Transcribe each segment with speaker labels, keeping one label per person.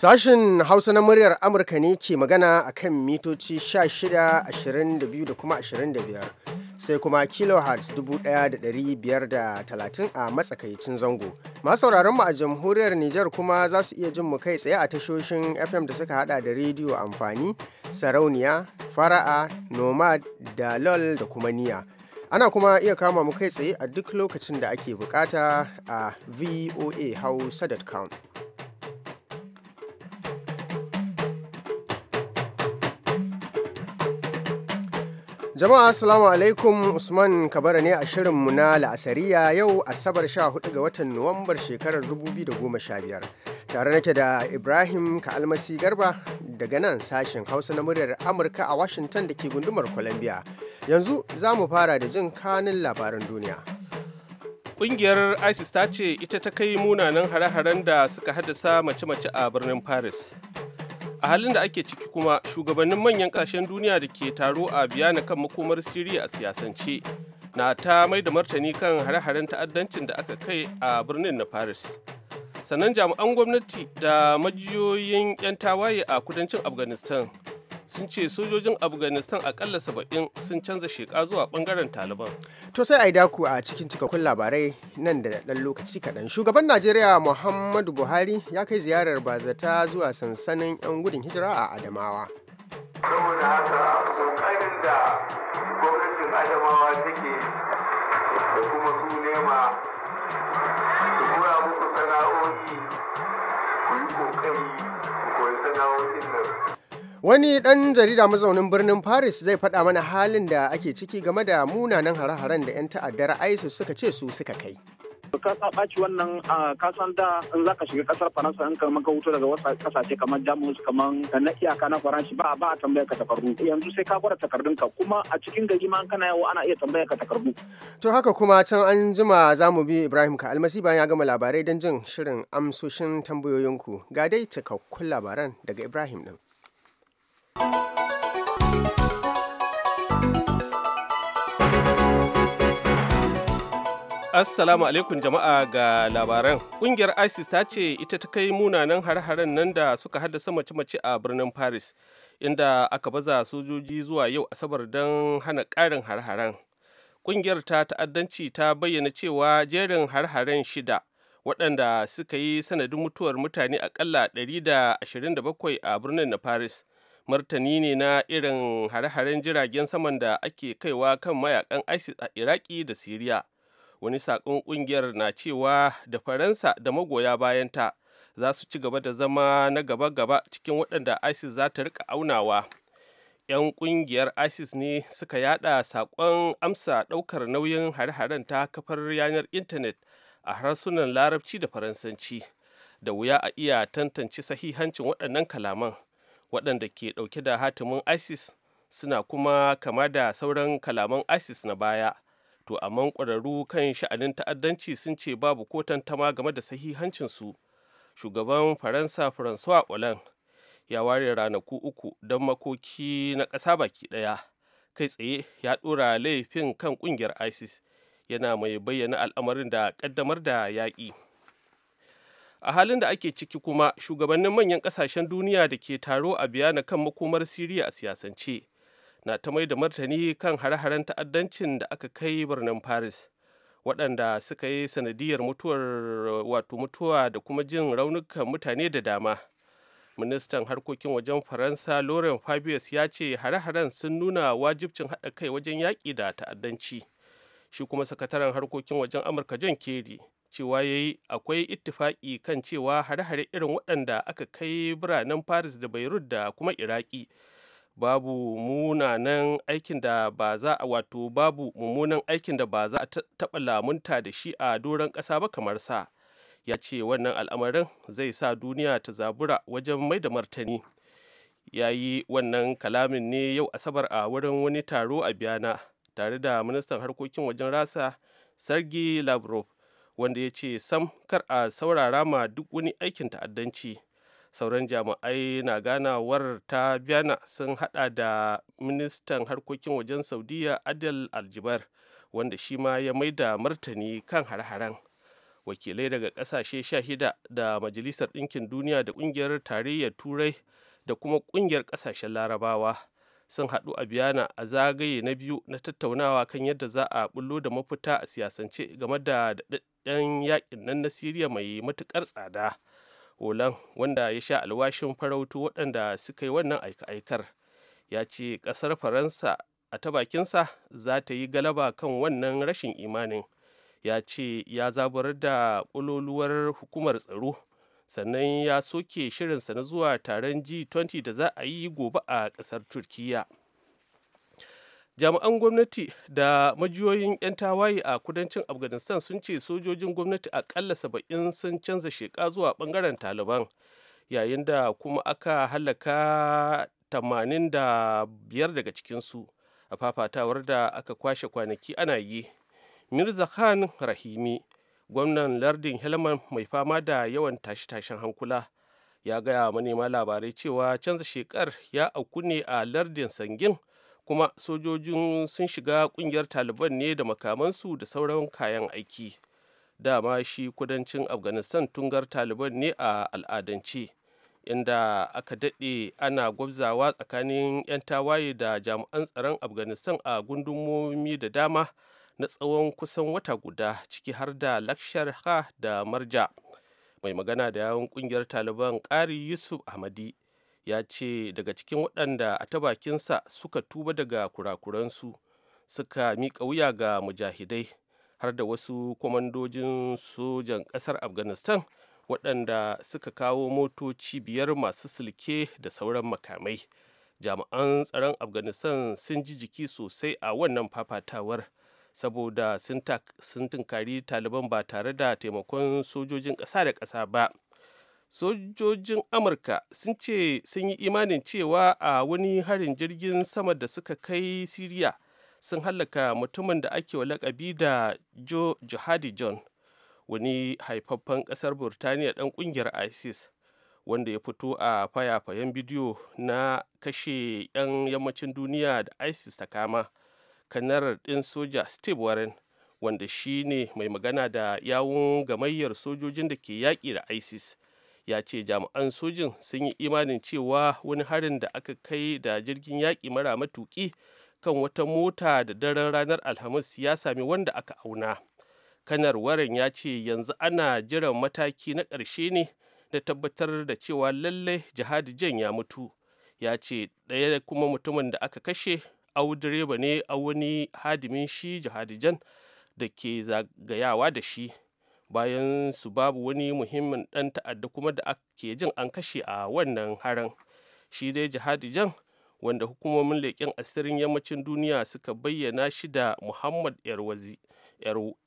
Speaker 1: Sashen Hausa na muryar Amurka ne ke magana a kan mitoci 16, 22 da kuma 25, sai kuma kilohertz 1530 a matsakaicin zango. Masu mu a jamhuriyar Nijar kuma za su iya jin mu kai tsaye a tashoshin FM da suka hada da rediyo amfani, sarauniya, fara'a, nomad, dalol da kuma niya. Ana kuma iya kama mu kai tsaye a duk lokacin da ake bukata a voahausa.com. Jama'a Assalamu alaikum Usman Kabara ne a shirin shirinmu na la'asariya yau Asabar 14 ga watan Nuwambar shekarar 2015. Tare nake da Ibrahim Ka'almasi Garba daga nan sashen Hausa na muryar Amurka a Washington da ke gundumar Columbia. Yanzu za mu fara da jin kanin labaran duniya.
Speaker 2: Ƙungiyar ISIS ta ce ita ta kai munanan hare-haren da suka haddasa mace-mace a birnin Paris. a halin da ake ciki kuma shugabannin manyan kasashen duniya da ke taro a biyana kan makomar siriya a siyasance na ta mai da martani kan hare-haren ta'addancin da aka kai a birnin na paris sannan jami'an gwamnati da majiyoyin 'yan tawaye a kudancin afghanistan sun ce sojojin afghanistan akalla saba'in sun canza sheka zuwa bangaren taliban
Speaker 1: to sai a daku a cikin cikakkun labarai nan da ɗan lokaci kaɗan shugaban najeriya muhammadu buhari ya kai ziyarar bazata zuwa sansanin 'yan gudun hijira a adamawa saboda
Speaker 3: haka kokarin da gwamnatin adamawa take da kuma su nema
Speaker 1: Wani ɗan jarida mazaunin birnin Paris zai fada mana halin da ake ciki game da munanan hare-haren da 'yan ta'addar ISIS suka ce su suka kai.
Speaker 4: ka sa wannan a kasan da in za ka shiga kasar faransa in kama ka wuto daga wasu kasashe kamar jamus kamar na iyaka na faransa ba ba a tambaya ka takardu yanzu sai ka gwada takardun ka kuma a cikin gari ma kana yawo ana iya tambaya ka
Speaker 1: takardu. to haka kuma can an jima za mu bi ibrahim ka almasi bayan ya gama labarai don jin shirin amsoshin tambayoyinku ga dai cikakkun labaran daga ibrahim din.
Speaker 2: Assalamu alaikum jama'a ga labaran. ƙungiyar ISIS ta ce ita ta kai munanan har-haren nan da suka haddasa mace-mace a birnin Paris, inda aka baza sojoji zuwa yau Asabar don hana ƙarin har-haren. Kungiyar ta ta'addanci ta bayyana cewa jerin har-haren shida waɗanda suka yi sanadin mutuwar mutane aƙalla 127 a birnin na Paris martani ne na irin hare-haren jiragen saman da ake kaiwa kan mayakan isis a iraki da siriya wani saƙon ƙungiyar na cewa da faransa da magoya bayanta za su ci gaba da zama na gaba-gaba cikin waɗanda isis za ta rika aunawa 'yan ƙungiyar isis ne suka yada saƙon amsa ɗaukar nauyin hare-haren ta kafar yanar intanet a harsunan larabci da faransanci da wuya a iya tantance sahihancin waɗannan kalaman waɗanda ke ɗauke da hatimin isis suna kuma kama da sauran kalaman isis na baya to amma ƙwararru kan sha'anin ta'addanci sun ce babu ko tantama game da sahihancinsu shugaban faransa francois hollande ya ware ranaku uku don makoki na ƙasa baki ɗaya kai tsaye ya ɗora laifin kan ƙungiyar isis yana mai bayyana al'amarin da ƙaddamar da yaƙi a halin da ake ciki kuma shugabannin manyan kasashen duniya da ke taro a biyana kan makomar siriya a siyasance na ta mai da martani kan hare-haren ta'addancin da aka kai birnin paris waɗanda suka yi sanadiyar mutuwar wato mutuwa da kuma jin raunukan mutane da dama ministan harkokin wajen faransa lauren fabius ya ce hare-haren sun nuna wajibcin haɗa kai wajen yaƙi da ta'addanci shi kuma sakataren harkokin wajen amurka john kerry cewa ya yi akwai ittifaki kan cewa hare-hare irin waɗanda aka kai biranen paris da beirut da kuma iraki babu munanan aikin da ba za a wato babu mummunan aikin da ba za a taɓa lamunta da shi a doron ƙasa ba kamar sa ya ce wannan al'amarin zai sa duniya ta zabura wajen mai da martani ya yi wannan kalamin ne yau asabar a wurin wani taro a biyana tare da ministan harkokin wajen rasa sergei lavrov wanda ya ce sam kar a saurara ma duk wani aikin ta'addanci sauran jami'ai na ganawar ta biyana sun hada da ministan harkokin wajen saudiya adel aljibar wanda shi ma ya maida martani kan har-haren wakilai daga kasashe shahida da majalisar ɗinkin duniya da ƙungiyar tarayyar turai da kuma ƙungiyar ƙasashen larabawa sun haɗu a biyana a zagaye na biyu na tattaunawa kan yadda za a bullo da mafita a siyasance game da daɗaɗɗen yaƙin nan na siriya mai matuƙar tsada holan wanda ya sha alwashin farautu waɗanda suka yi wannan aika-aikar ya ce ƙasar faransa a ta bakinsa za ta yi galaba kan wannan rashin imanin ya ce ya zaburar da ƙololuwar hukumar tsaro sannan ya soke shirinsa na zuwa taron g20 da za a yi gobe a kasar turkiya jami'an gwamnati da majiyoyin 'yan tawaye a kudancin afghanistan sun ce sojojin gwamnati akalla saba'in sun canza sheka zuwa bangaren taliban yayin da kuma aka halaka tamanin da biyar daga cikinsu a fafatawar da aka kwashe kwanaki ana yi mirza khan rahimi gwamnan lardin helman mai fama da yawan tashe-tashen hankula ya gaya manema labarai cewa canza shekar ya auku ne a lardin sangin kuma sojojin sun shiga kungiyar taliban ne da makamansu da sauran kayan aiki dama shi kudancin afghanistan tungar taliban ne a al'adance inda aka daɗe ana gwabzawa tsakanin 'yan tawaye da jami'an tsaron afghanistan a gundumomi da dama na tsawon kusan wata guda ciki har da lakshar ha da marja mai magana da yawon kungiyar taliban ƙari yusuf ahmadi ya ce daga cikin waɗanda a ta bakinsa suka tuba daga kurakuransu suka miƙa wuya ga mujahidai har da wasu kwamandojin sojan ƙasar afghanistan waɗanda suka kawo motoci biyar masu silke da sauran makamai jami'an tsaron afghanistan sun ji jiki sosai a wannan fafatawar saboda sun tunkari taliban ba tare da taimakon sojojin ƙasa da ƙasa ba sojojin amurka sun ce sun yi imanin cewa a wani harin jirgin sama da suka kai siriya sun hallaka mutumin da ake wa lakabi da joe jihadi john wani haifaffen ƙasar burtaniya ɗan ƙungiyar isis wanda ya fito a fayafayen bidiyo na kashe 'yan yammacin duniya da isis ta kama kanarar ɗin soja steve warren wanda shi ne mai magana da yawun gamayyar sojojin da ke yaƙi da isis ya ce jami'an sojin sun yi imanin cewa wani harin da aka kai da jirgin yaƙi mara matuƙi kan wata mota da daren ranar alhamis ya sami wanda aka auna kanar warren ya ce yanzu ana jiran mataki na ƙarshe ne da tabbatar da cewa lallai jihadi jan ya mutu ya ce ɗaya kuma mutumin da aka kashe au ne a wani hadimin shi jihadijan da ke zagayawa da shi bayan su babu wani muhimmin dan ta'adda kuma da ake jin an kashe a wannan haran shi dai jihadijan wanda hukumomin leƙen asirin yammacin duniya suka bayyana shi da muhammad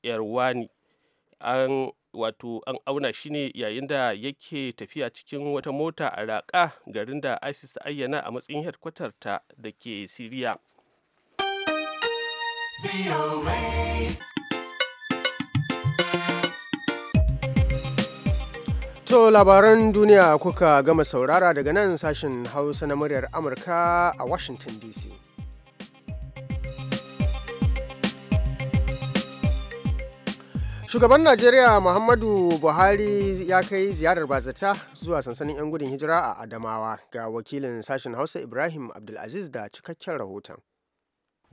Speaker 2: yarwani an wato an auna shi ne yayin da yake tafiya cikin wata mota a raƙa garin da isis ta ayyana a matsayin hedkwatar ta da ke siriya
Speaker 1: To labaran duniya kuka gama saurara daga nan sashen Hausa na muryar Amurka a Washington DC. Shugaban Najeriya Muhammadu Buhari ya kai ziyarar bazata zuwa sansanin 'yan gudun hijira a Adamawa ga wakilin sashen Hausa Ibrahim Abdulaziz da cikakken rahoton.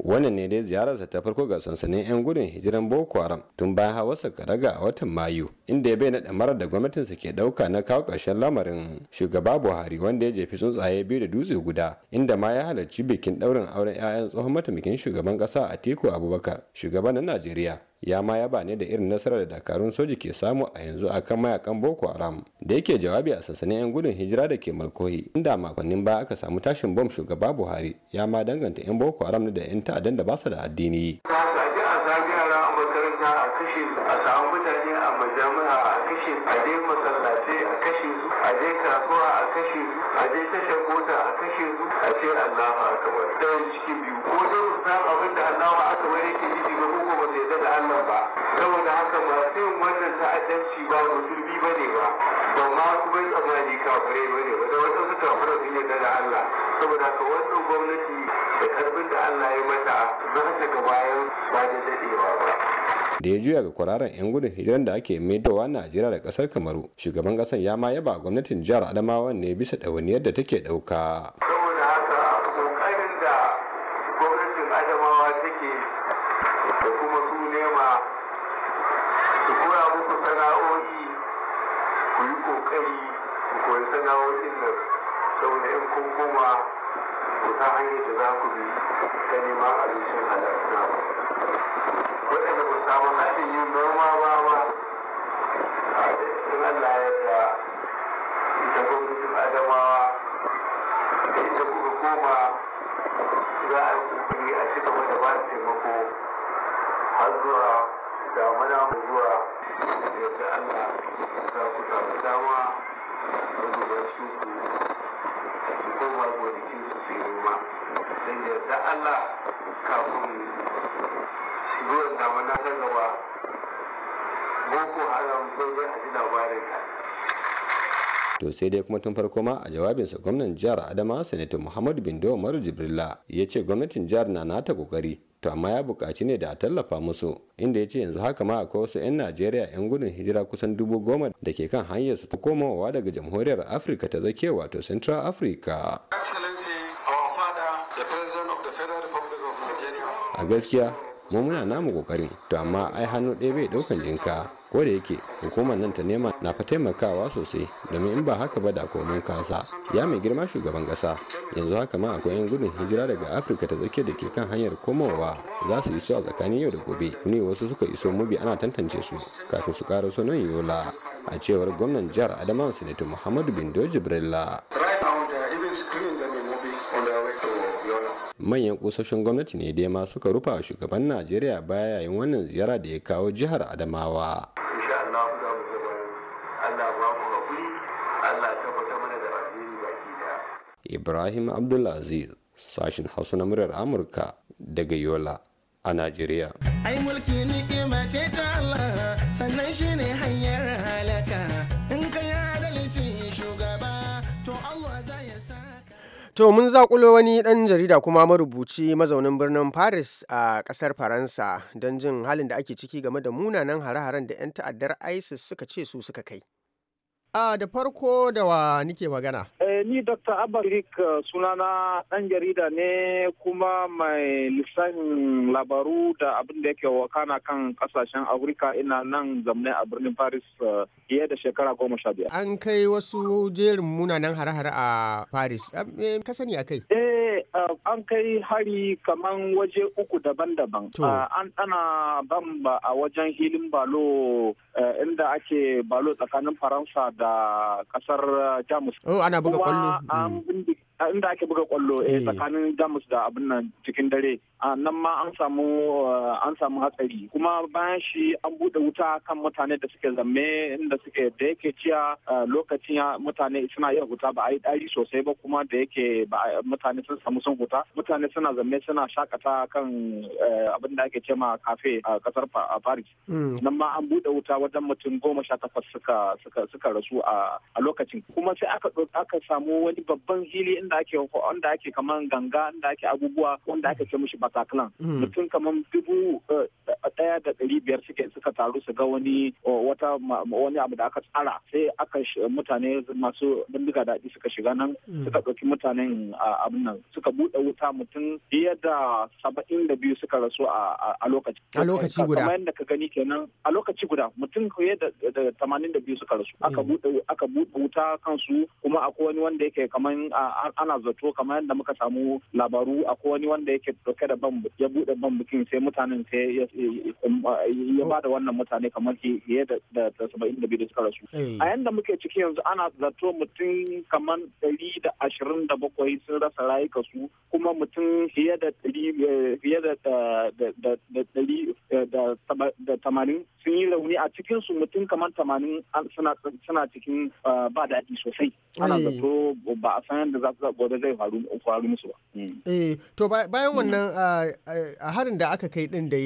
Speaker 5: wannan ne dai ziyararsa ta farko ga sansanin 'yan gudun hijiran boko haram tun bayan hawarsa karaga a watan mayu inda ya bayyana damarar da gwamnatinsa ke ɗauka na kawo ƙarshen lamarin shugaba buhari wanda ya jefi tsuntsaye biyu da dutse guda inda ma ya halarci bikin ɗaurin auren 'ya'yan tsohon mataimakin shugaban ƙasa atiku abubakar shugaban na najeriya ya ma yaba ne da irin nasara da dakarun soji ke samu a yanzu akan mayakan boko haram da yake jawabi a sansanin yan gudun hijira da ke malkohi inda makonnin baya aka samu tashin bom shugaba buhari ya ma danganta yan boko haram da yan ta'addan da basu da addini a kashe a samu mutane a majami'a a kashe a
Speaker 6: dai masallatai a kashe a je kasuwa a kashe a je tashar mota a kashe su a ce allahu akbar ɗayan cikin biyu ko dai musamman abin da
Speaker 5: allahu akbar yake nufi ga ko ba sai da allah ba saboda haka masu yin wannan ta'addanci ba musulmi ba ne ba ba ma kuma tsamani kafirai ba ne ba da wata su sun yadda da Allah saboda haka wannan gwamnati da karbin da Allah ya mata za ta ga bayan ba da dadewa ba da ya juya ga kwararren 'yan gudun hijiran da ake maidowa Najeriya da kasar Kamaru shugaban kasan ya ma yaba gwamnatin jihar Adamawa ne bisa ɗawainiyar da take ɗauka. saboda
Speaker 4: haka
Speaker 6: kokarin da gwamnatin Adamawa take da kuma su nema ku koya muku sana'o'i
Speaker 1: ku yi kokari ku koyi sana'o'in nan saboda in kun koma
Speaker 5: ku ta hanyar da za ku bi ta neman abincin halatta waɗanda ku samu haɗin yin noma ba ba a cikin Allah ya da ita gwamnatin Adamawa da ita kuka
Speaker 4: koma za a yi kokari a cikin gaba da ba taimako
Speaker 3: har zuwa damuna mai zuwa da Allah za ku samu dama a gudan su ku koma gonakin su
Speaker 2: su yi noma don yarda Allah kafin zuwan damuna ta gaba boko haram ko dai a ji Ta
Speaker 5: to sai dai kuma tun farko ma a jawabinsa gwamnan jihar adama sanata muhammadu bindo umaru jibrilla ya ce gwamnatin jihar na nata kokari to amma ya buƙaci ne da a tallafa musu inda ya ce yanzu haka ma akwai wasu 'yan najeriya 'yan gudun hijira kusan dubu goma da ke kan hanyar su ta komawa daga jamhuriyar afirka ta zake wato central africa a gaskiya mu muna namu kokarin to amma ai hannu ɗaya bai ɗaukan jinka ko da yake hukumar nan ta nema na fa taimakawa sosai domin in ba haka ba da komin kasa ya mai girma shugaban kasa yanzu haka ma akwai yan gudun hijira daga afirka ta tsakiya da ke kan hanyar komowa za su iso a tsakanin yau da gobe ne wasu suka iso mubi ana tantance su kafin su karaso nan yola a cewar gwamnan jihar adamawa sanato muhammadu bindo jibrilla manyan kusoshin gwamnati ne dai ma suka rufa shugaban najeriya baya yayin wannan ziyara da ya kawo jihar adamawa Ibrahim Abdulaziz sashin Hausa na muryar Amurka daga Yola a Najeriya. Ai
Speaker 1: mulki ni'ima ce ta Allah sannan shi ne hanyar halaka in ka yi adalci shugaba to Allah za ya ka. To mun zakulo wani ɗan jarida kuma marubuci mazaunin birnin Paris a ƙasar Faransa don jin halin da ake ciki game da munanan hare-haren da 'yan ta'addar ISIS suka ce su suka kai. A da farko da wa nike magana?
Speaker 4: Eh, ni Dr. Abarik eh, sunana ɗan jarida ne kuma mai lissafin labaru da abin da yake wakana kan kasashen Afirka ina nan zamne a birnin Paris eh, fiye da shekara goma sha
Speaker 1: biyar. An kai wasu jerin munanan hare-hare a Paris. kasani eh, ka a kai? Eh, Eh, an kai hari kaman waje uku daban-daban. Ah,
Speaker 4: an ana ba a wajen hilin balo eh, inda ake balo tsakanin Faransa da kasar eh, Jamus. Oh, ana buga kwallo. Mm. inda ake buga kwallo eh, eh. tsakanin jamus da abin nan cikin dare nan ma an samu eh, an samu hatsari kuma bayan shi an bude wuta kan mutane da suke zamme inda suke da yake ciya lokacin mutane suna yin huta ba a yi dari sosai ba kuma da yake mutane sun samu sun huta mutane suna zame suna shakata kan abin da ake ce ma kafe a kasar paris mm. nan ma an bude wuta wajen mutum goma sha takwas suka suka rasu a lokacin kuma sai aka aka samu wani babban hili inda ake inda ake kaman ganga inda ake abubuwa wanda aka ce mushi bataclan hmm. mutum kaman dubu daya eh, da ɗari biyar suke suka taru su ga wani wata wani abu da aka tsara sai aka mutane masu bindiga daɗi suka shiga nan hmm. suka ɗauki mutanen abin nan suka buɗe wuta mutum fiye da saba'in da biyu suka rasu a lokaci a lokaci guda kamar yadda ka gani kenan a lokaci guda mutum fiye da tamanin da biyu suka rasu aka hmm. buɗe aka buɗe wuta kansu kuma akwai wani wanda yake kaman ana zato kamar yadda muka samu labaru akwai wani wanda yake dauke da ban ya bude ban bukin sai mutanen sai ya ba da wannan mutane kamar ya da saba'in da biyu da suka rasu eh. a yadda muke ciki yanzu ana zato mutum kamar dari da ashirin da bakwai sun rasa su kuma mutum fiye da dari eh, fiye da dari eh, da tamanin sun yi rauni a cikinsu mutum kamar tamanin suna cikin ah, ba daɗi sosai ana zato ba a san yadda za ba gobe zai faru musu ba.
Speaker 1: Mm. Eh, to bayan mm. wannan a harin da aka kai din dai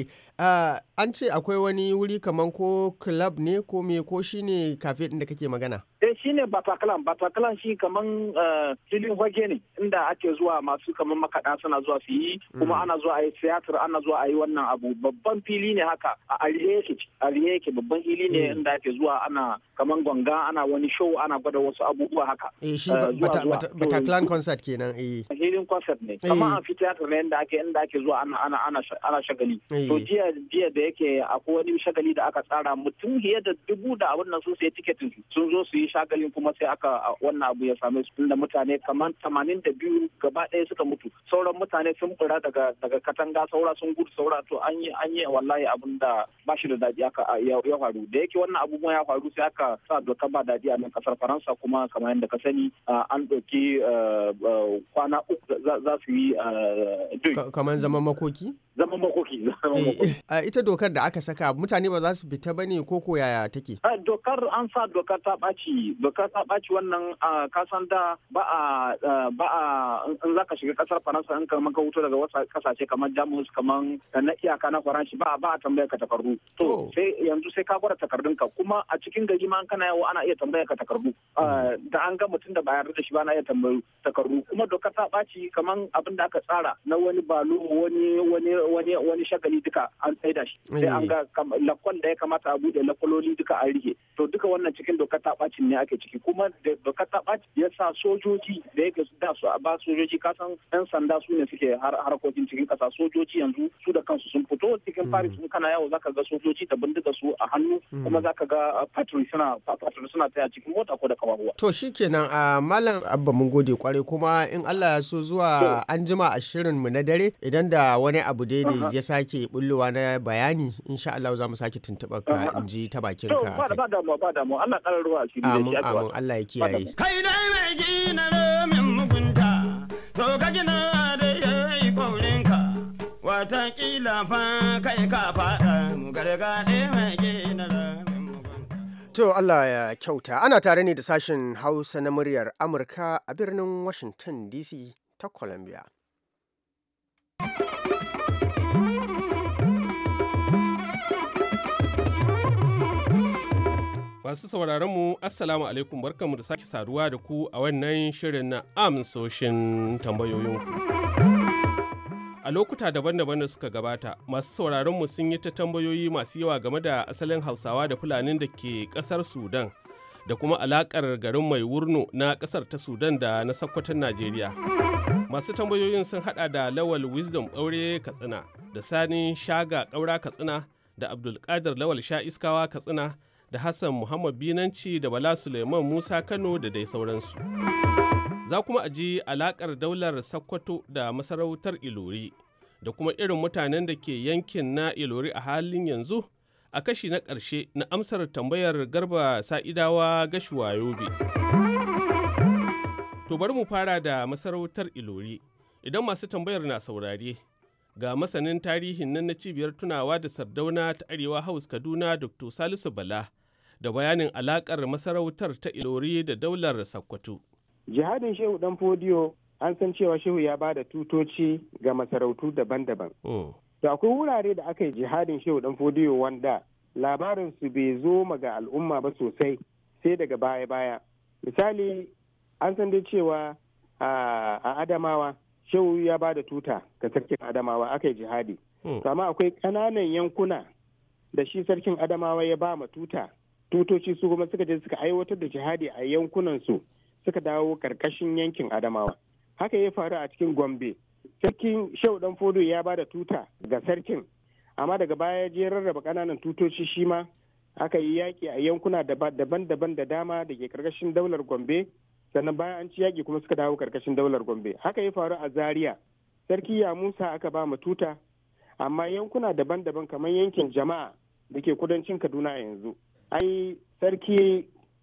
Speaker 1: an ce akwai wani wuri kaman ko club ne ko me ko shine kafe din da kake magana?
Speaker 4: Eh shine Bataclan, Bataclan shi kaman filin wage ne inda ake zuwa masu kamar makaɗa suna zuwa su yi mm. kuma ana zuwa a yi theater ana zuwa a yi wannan abu babban fili ne haka a Ariyeke, Ariyeke babban fili ne eh. inda ake zuwa ana kaman gwanga ana wani show ana gwada wasu abubuwa haka. Eh shi eh,
Speaker 1: Bataclan concert kenan eh
Speaker 4: concert ne eh. kamar a fita ne inda ake inda ake zuwa ana ana ana shagali eh. to jiya jiya da yake akwai wani shagali da aka tsara mutum hiyar da dubu da abun nan sun sai ticketin sun zo su yi shagalin kuma sai aka wannan abu ya same su tunda mutane kamar tamanin da biyu gaba ɗaya suka mutu sauran mutane sun fura daga daga katanga saura sun gudu saura to an yi an yi wallahi abin da ba da daɗi aka ya faru da yake wannan abubuwan ya faru sai aka sa doka ba daɗi a nan kasar faransa kuma kamar yadda ka sani an ɗauki eh, kwana uku
Speaker 1: za su yi ah, kamar zaman makoki? zaman makoki zaman eh, makoki. Eh, ah, ita dokar da aka saka mutane ba za su fita ba ne ko yaya take? Ah, dokar an sa dokar ta ɓaci
Speaker 4: dokar ta ɓaci wannan kasan da ba a ba a in za ka shiga kasar faransa in kamar ka wuto daga wasu kasashe kamar jamus kamar na iyaka na faranshi ba a ba a tambaya ka takardu. to oh. sai yanzu sai ka gwada takardun ka kuma a cikin gari ma kana yawo ana iya tambaya ka takardu mm. da an ga mutum da ba yarda da shi ba na iya tambayu takardu kuma doka ta ɓaci kaman abin da aka tsara na wani balo wani wani wani wani shagali duka an tsaida shi sai an eh. ga lakon da ya kamata a buɗe lakololi duka an rike to duka wannan cikin doka ta ɓaci ne ake ciki kuma da doka ta ɓaci ya sa sojoji da yake da su a ba sojoji ka kasan yan sanda su ne suke harkokin cikin kasa sojoji yanzu su da kansu sun fito cikin paris mm. in kana yawo zaka ga sojoji da bindiga su a hannu mm. kuma zaka ga patrol suna patrol suna taya cikin mota ko da
Speaker 1: kawawa to shikenan a ah, malam abba mun gode kwari saurare kuma in Allah ya so zuwa an jima a shirin mu na dare idan da wani abu daidai ya sake bullowa na bayani insha Allah za mu sake tuntuɓa ka in ji ta bakin ka. Ba
Speaker 4: da ba da mu Allah karar ruwa shi. Amin amin
Speaker 1: Allah ya kiyaye.
Speaker 6: Kai dai mai gina ramin mugunta to ka gina da yayi kwaurinka watakila fa kai
Speaker 1: ka faɗa mu gargaɗe mai gina. To Allah ya kyauta ana tare ne da sashen Hausa na muryar Amurka a birnin Washington DC ta Columbia.
Speaker 2: Masu sauraron mu Assalamu alaikum barkanmu da sake saduwa da ku a wannan shirin na amsoshin tambayoyinku. a lokuta daban-daban da suka gabata masu sauraron mu sun yi ta tambayoyi masu yawa game da asalin hausawa da fulanin da ke kasar sudan da kuma alakar garin mai wurno na kasar ta sudan da na sakkwatan najeriya masu tambayoyin sun hada da lawal wisdom Aure katsina da sani shaga ƙaura katsina da abdulkadir lawal sha iskawa katsina da hassan muhammad binanci da bala suleiman musa kano da dai sauransu za kuma a ji alaƙar daular sakkwato da masarautar Ilori da kuma irin mutanen da ke yankin na Ilori a halin yanzu a kashi na ƙarshe na amsar tambayar garba sa'idawa gashuwa yobe. To bari mu fara da masarautar Ilori idan masu tambayar na saurare. Ga masanin tarihin nan na cibiyar tunawa da sardauna ta Arewa House Kaduna Dr. Salisu Bala da bayanin alaƙar masarautar ta Ilori da daular Sokoto.
Speaker 6: jihadin shehu dan fodiyo an san cewa shehu ya ba da tutoci ga masarautu daban-daban oh. to akwai wurare da aka yi jihadin shehu dan fodiyo wanda labarin su bai zo ga al'umma ba sosai sai daga baya-baya misali an san dai cewa a adamawa shehu ya ba da tuta ga sarkin adamawa aka yi jihadi hmm. to amma akwai ƙananan yankuna da shi sarkin adamawa ya ba ma tuta tutoci su kuma suka je suka aiwatar da jihadi a yankunan su suka dawo karkashin yankin adamawa haka ya faru a cikin gombe sarkin shehu dan fodo ya ba da tuta ga sarkin amma daga baya je rarraba kananan tutoci shi ma aka yi yaƙi a yankuna daban-daban da dama da ke karkashin daular gombe sannan bayan an ci yaƙi kuma suka dawo karkashin daular gombe haka ya faru a zaria sarki ya musa aka ba mu tuta amma yankuna daban-daban kamar yankin jama'a da ke kudancin kaduna a yanzu ai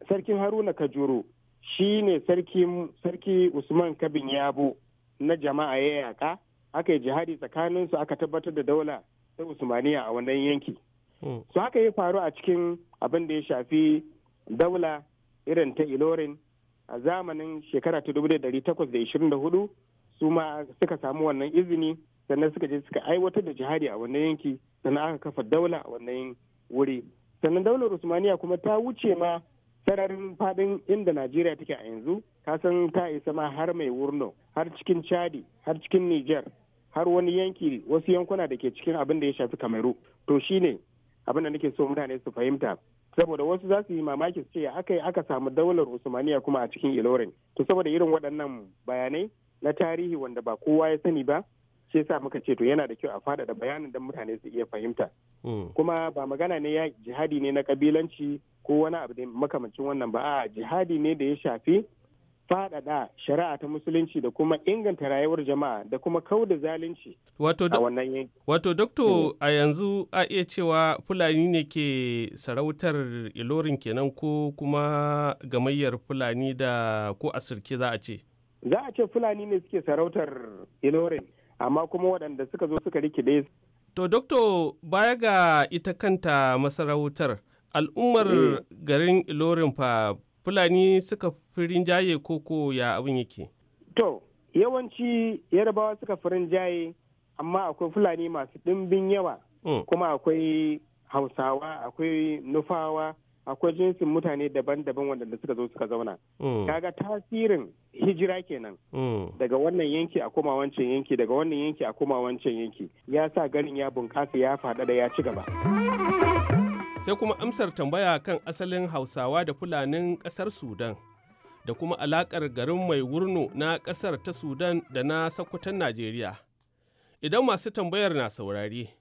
Speaker 6: sarkin haruna kajuru shi ne sarki usman kabin yabo na jama'a ya yaka aka yi jihadi tsakaninsu aka tabbatar da daula ta usmaniya a wannan yanki hmm. su haka ya faru a cikin abin da ya shafi daula irin ta ilorin a zamanin shekara ta 1824 su ma suka samu wannan izini sannan suka je suka aiwatar da jihadi a wannan yanki sannan aka kafa daula a wannan wuri sannan daular usmaniya kuma ta wuce ma sararin fadin inda najeriya take a yanzu ta san ta isa ma har mai wurno har cikin chadi har cikin niger har wani yanki wasu yankuna da ke cikin abin da ya shafi kameru to shine abin da nake so mutane su fahimta saboda wasu za su yi mamaki su ce aka yi aka samu daular usmaniya kuma a cikin ilorin to saboda irin waɗannan bayanai na tarihi wanda ba kowa ya sani ba shi sa muka ce to yana da kyau a da bayanin don mutane su iya fahimta hmm. kuma ba magana ne ya jihadi ne na kabilanci ko wani abu da makamancin wannan ba a jihadi ne da ya shafi faɗaɗa shari'a ta musulunci da kuma inganta rayuwar jama'a da kuma kau da zalunci
Speaker 2: a wannan yanki. Wato dokto eh. a yanzu a iya cewa Fulani ne ke sarautar ilorin kenan ko kuma gamayyar Fulani da ko a sirke za a ce?
Speaker 6: Za a ce Fulani ne suke sarautar ilorin amma kuma waɗanda suka zo suka rikide. To dokto baya ga
Speaker 2: ita kanta masarautar al'ummar mm. garin ilorin fa fulani suka firin jaye koko ya abin yake
Speaker 6: to yawanci yarabawa suka firin jaye amma akwai fulani masu ɗimbin yawa mm. kuma akwai hausawa akwai nufawa akwai jinsin mutane daban-daban waɗanda suka zo suka zauna mm. kaga tasirin hijira kenan daga wannan yanki a koma wancan yanki daga wannan yanki a koma wancan yanki ya sa garin ya bunkasa ya faɗa da ya ci gaba.
Speaker 2: sai kuma amsar tambaya kan asalin hausawa da fulanin ƙasar sudan da kuma alaƙar garin mai wurno na ƙasar ta sudan da na sakwatan najeriya idan masu tambayar na saurari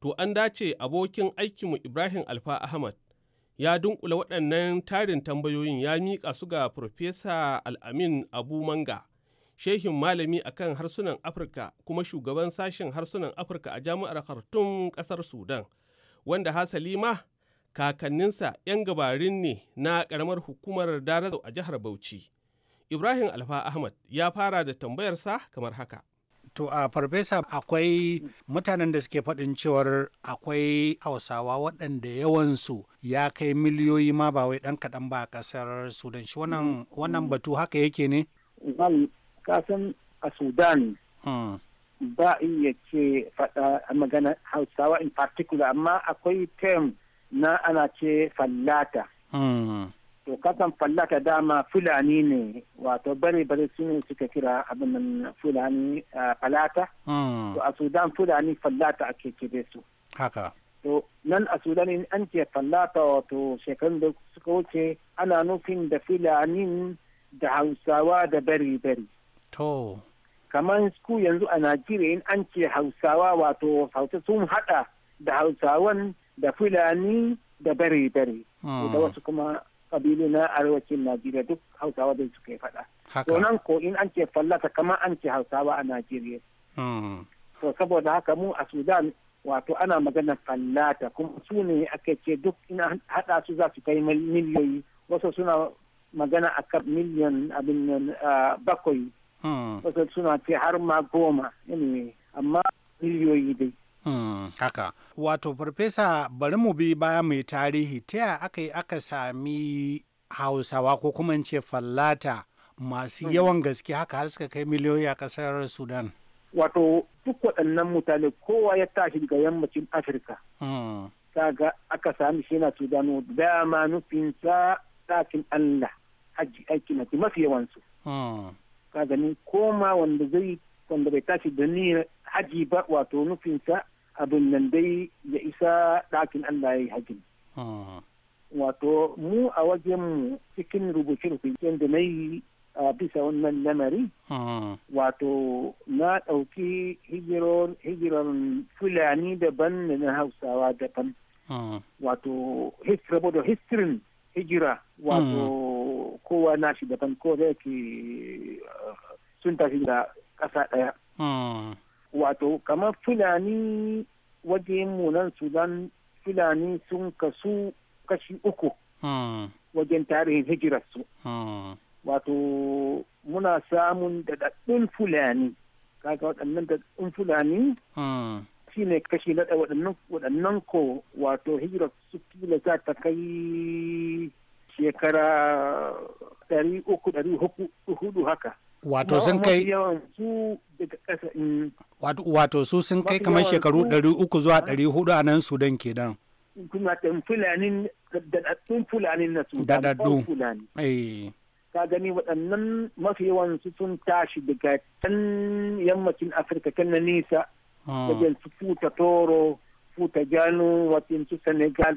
Speaker 2: to an dace abokin aikinmu ibrahim alfa ahmad ya dunkula waɗannan tarin tambayoyin ya miƙa su ga Profesa Al'amin Abu Manga, shehin malami akan harsunan Afirka kuma shugaban sashen harsunan Afirka a jami'ar Khartoum ƙasar Sudan, wanda hasali ma kakanninsa 'yan gabarin ne na ƙaramar hukumar darazau a jihar bauchi ibrahim alfa ahmad ya fara da tambayarsa kamar haka
Speaker 4: to a farfesa akwai mutanen da suke faɗin cewar akwai hausawa waɗanda yawansu ya kai miliyoyi ma ba wai ɗan kaɗan ba a ƙasar sudan shi wannan batu haka yake ne kasan a sudan hmm. ba in faɗa magana hausawa in particular amma akwai term na ana ce fallata
Speaker 3: hmm.
Speaker 4: to kasan fallata dama fulani ne wato bare bare su ne suka kira abin fulani falata hmm. to a sudan fulani fallata ake kire su haka to nan a sudan in an ce fallata wato shekarun da suka wuce ana nufin da fulani da hausawa da bari bari to kamar ku yanzu a najeriya in an ce hausawa wato hausa sun hada da hausawan da fulani da bare-bare ah. da wasu kuma kabilu na arewacin najeriya duk hausawa da suka yi faɗa nan ko in an ce fallata kamar an ce hausawa a najeriya hmm. to saboda haka mu a sudan wato ana magana fallata kuma su ne ake ce duk ina haɗa su za su kai miliyoyi wasu suna magana a kan miliyan abin bakwai hmm. wasu suna ce har ma goma amma miliyoyi dai haka wato farfesa bari mu bi baya mai tarihi ta ya aka aka sami hausawa ko kuma ce fallata masu hmm. yawan gaske haka har suka kai miliyoyi a kasar sudan wato duk waɗannan mutane kowa ya tashi daga yammacin afirka hmm. kaga aka sami shi na sudano dama sa ɗakin allah haji aiki na mafi yawansu hmm. kaga ni koma wanda zai wanda bai tashi da ni haji ba wato nufinsa abin nan dai ya isa ɗakin Allah ya yi hajji. Ah. Wato mu a wajen cikin rubuce-rubucen da na yi a bisa wannan lamari. Ah. Wato na ɗauki hijirar Fulani daban da na Hausawa daban. Ah. Wato saboda histirin hijira wato hmm. kowa nashi daban ko da yake sun tafi da ƙasa ɗaya. wato kamar fulani waje nan sudan fulani sun kasu kashi uku hmm. wajen tarihin hijirarsu hmm. wato muna samun daɗaɗɗun fulani kaga waɗannan daɗaɗɗun fulani hmm. shi ne kashi na waɗannan ko wato hijirar su kila za ta kai shekara ɗari uku ɗari hudu haka
Speaker 6: wato sun kai
Speaker 4: mm. wato su sun kai kamar shekaru 300 zuwa 400 a nan sudan ke nan. daɗaɗɗun fulani na sudan daɗaɗɗun fulani eh. ka gani waɗannan mafi yawan su sun tashi daga can yammacin afirka kan na nisa ah. wajen su futa toro futa gano wajen su senegal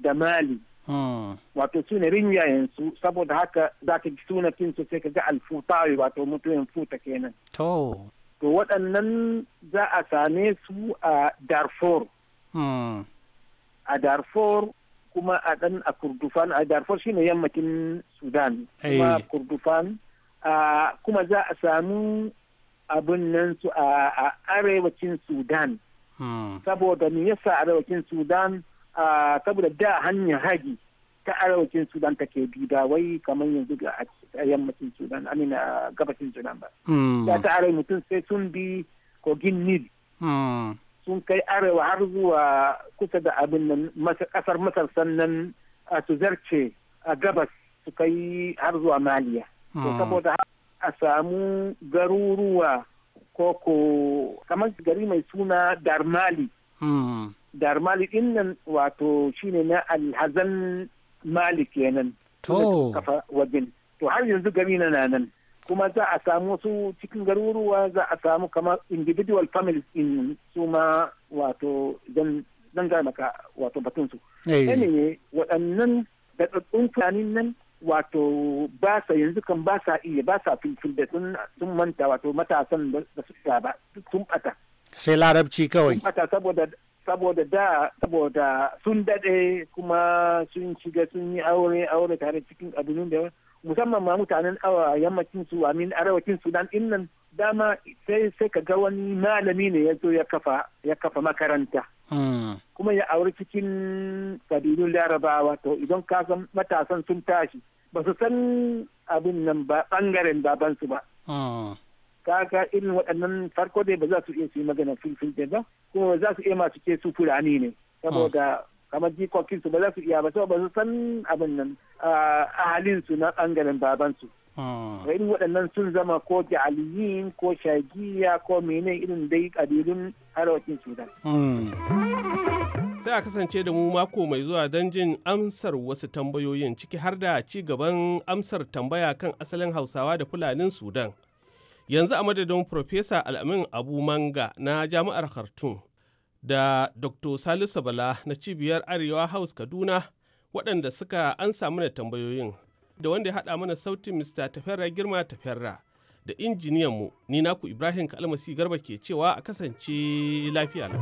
Speaker 4: da mali Hmm. wato su ne su saboda haka za ka ji suna su sai ka ga alfutawi wato mutumin futa kenan to to waɗannan za a same su a darfur hmm. a darfur kuma a ɗan a kurdufan a darfur shine yammacin sudan kuma eh. kurdufan kuma za a samu abin nan su a arewacin sudan hmm. saboda me yasa arewacin sudan saboda da hanyar haji ta arewacin sudan take bi ba wai kamar yanzu ga yammacin sudan amina gabashin sudan ba hmm. ya ta arewa mutum sai sun bi kogin nil hmm. sun kai arewa har zuwa kusa da abin nan kasar masar sannan su zarce a gabas su kai har zuwa maliya to hmm. saboda a samu garuruwa ko ko kamar gari mai suna darmali dar malik nan wato shine na alhazan malik kenan to kafa wajen to har yanzu gari na nan kuma za a samu su cikin garuruwa za a samu kamar individual families in su ma wato zan gaya maka wato batunsu. Eh. ne waɗannan daɗaɗɗun tunanin nan wato ba sa yanzu kan ba sa iya ba sa filfil da sun manta wato matasan da su ba sun ɓata. Sai larabci kawai. saboda saboda da saboda sun dade kuma sun shiga sun yi aure aure tare cikin abinin da musamman ma mutanen awa yammacin su amin arewacin sudan din nan dama sai sai ka ga wani malami ne ya zo ya kafa ya kafa makaranta hmm. kuma ya aure cikin kabilun larabawa to idan ka san matasan sun tashi ba su san abin nan ba bangaren babansu ba hmm. kaga irin waɗannan farko dai ba za su iya su yi magana filfil ɗin ba kuma ba za su iya masu ke su fulani ne saboda kamar jikokin su ba za su iya ba saboda ba su san abin nan a halin su na ɓangaren
Speaker 3: babansu. da ah.
Speaker 4: irin waɗannan sun zama ko jaliyin ko shagiya ko mene irin dai ƙabilun harawacin sudan.
Speaker 3: Hmm.
Speaker 2: sai a kasance da mu mako mai zuwa don jin amsar wasu tambayoyin ciki har da ci gaban amsar tambaya kan asalin hausawa da fulanin sudan yanzu a madadin Profesa Al'amin Abu Manga na Jami'ar Khartoum da Dr. Salisu Bala na Cibiyar Arewa House Kaduna waɗanda suka an samu da tambayoyin da wanda ya haɗa mana sautin Mr. Tafera Girma Tafera da injiniyanmu ni naku Ibrahim Kalmasi Garba ke cewa a kasance lafiya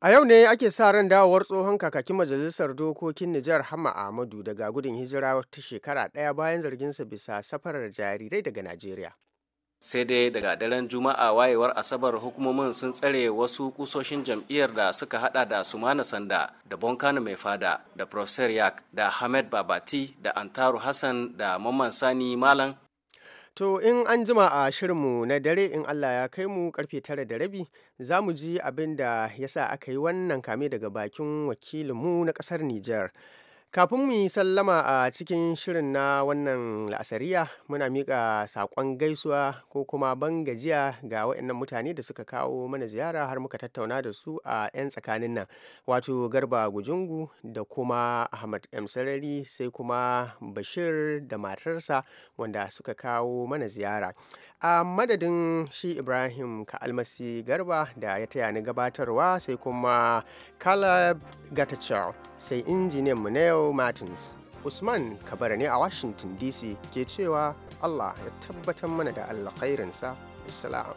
Speaker 1: A yau ne ake sa ran dawowar tsohon kakakin majalisar dokokin Nijar Hama Ahmadu daga gudun hijira ta shekara ɗaya bayan zargin sa bisa safarar jarirai daga Najeriya.
Speaker 2: sai dai daga daren juma'a wayewar asabar hukumomin sun tsare wasu kusoshin jam'iyyar da suka hada da sumana sanda da bonkano mai fada da professor yak da hamed babati da antaru hassan da mamman sani malam
Speaker 1: To in an jima a shirinmu na dare in Allah ya kai mu karfe tara da rabi za mu ji abin da ya sa aka yi wannan kame daga bakin wakilinmu na kasar Nijar. kafin mu yi sallama a cikin shirin na wannan la'asariya muna mika saƙon gaisuwa ko kuma ban gajiya ga waɗannan mutane da suka kawo mana ziyara har muka tattauna da su a 'yan tsakanin nan wato garba gujungu da kuma ahmad m sarari sai kuma bashir da matarsa wanda suka kawo mana ziyara a madadin shi ibrahim ka almasi garba da ya taya ni gabatarwa sai kuma caleb gatachow sai injiniyan mu yau martins usman kabar ne a washington dc ke cewa allah ya tabbatar mana da alkhairinsa islam